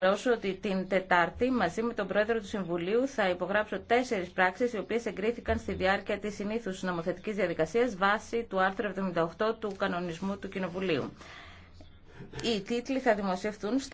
ενημερώσω ότι την Τετάρτη μαζί με τον Πρόεδρο του Συμβουλίου θα υπογράψω τέσσερι πράξεις οι οποίες εγκρίθηκαν στη διάρκεια της συνήθου νομοθετική διαδικασία βάσει του άρθρου 78 του κανονισμού του Κοινοβουλίου. Οι τίτλοι θα δημοσιευτούν